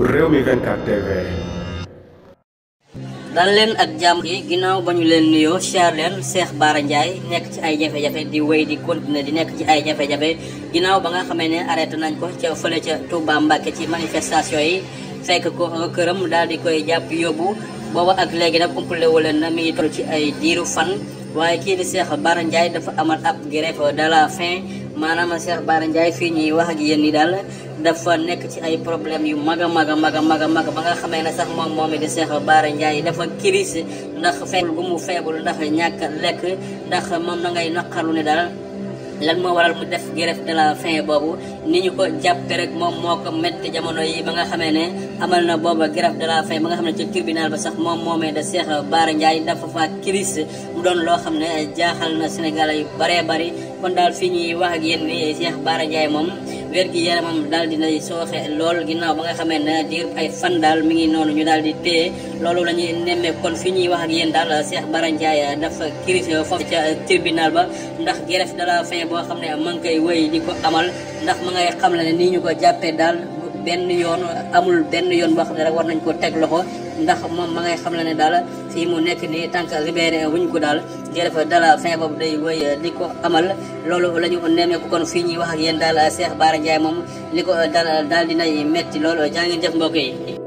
Rewmi leen ak jàmm yi ginnaaw ba ñu leen nuyoo siyaar leen Cheikh Bara nekk ci ay jafe-jafe di wéy di continuer di nekk ci ay jafe-jafe ginnaaw ba nga xamee ne arrêté nañ ko ca fële ca Touba Mbacké ci manifestation yi fekk ko këram daal di koy jàpp yóbbu booba ak léegi nag umpale leen na mi ngi ci ay diiru fan waaye kii di Cheikh Bara dafa amal ab grève de la faim. maanaam Cheikh Bara Ndiaye fii ñuy wax ak yéen ñi daal dafa nekk ci ay problème yu mag a mag a mag a mag a mag ba nga xamee ne sax moom moom di Cheikh Bara Ndiaye dafa crise ndax feebul gu mu feebul ndax ñàkk lekk ndax ma da ngay naqarlu ne daal lan moo waral mu def gi de la faim boobu niñu ko jàppe rek mom moko metti jamono yi ba nga xamé né amal na booba graf de la fin ba nga xamné ci tribunal ba sax mom momé da Cheikh Bara ndjay dafa fa crise mu don lo xamné jaaxal na Sénégalais yu bare bari kon dal fii ñuy wax ak yéen ni Cheikh Bara ndjay mom wér gi yaramam dal di nay soxé lool ginnaw ba nga xamé né diir ay fan dal mi ngi nonu ñu dal di té loolu la némé kon fi ñuy wax ak yéen dal Cheikh Bara Ndiaye dafa crise foofu ci tribunal ba ndax graf de la fin bo xamné ne kay ngi koy wéy di ko amal ndax ngay xam la ne nii ñu ko jàppee daal benn yoon amul benn yoon boo xam ne rek war nañ ko teg loxo ndax moom ma ngay xam la ne daal fii mu nekk nii tant que libéré wuñ ko daal jërëjëf dala fin boobu day woy di ko amal loolu la ñu nemmeeku kon fii ñuy wax ak yéen daal Cheikh Bara Ndiaye moom li ko daal daal dinay metti loolu jaa ngeen jëf mbokk yi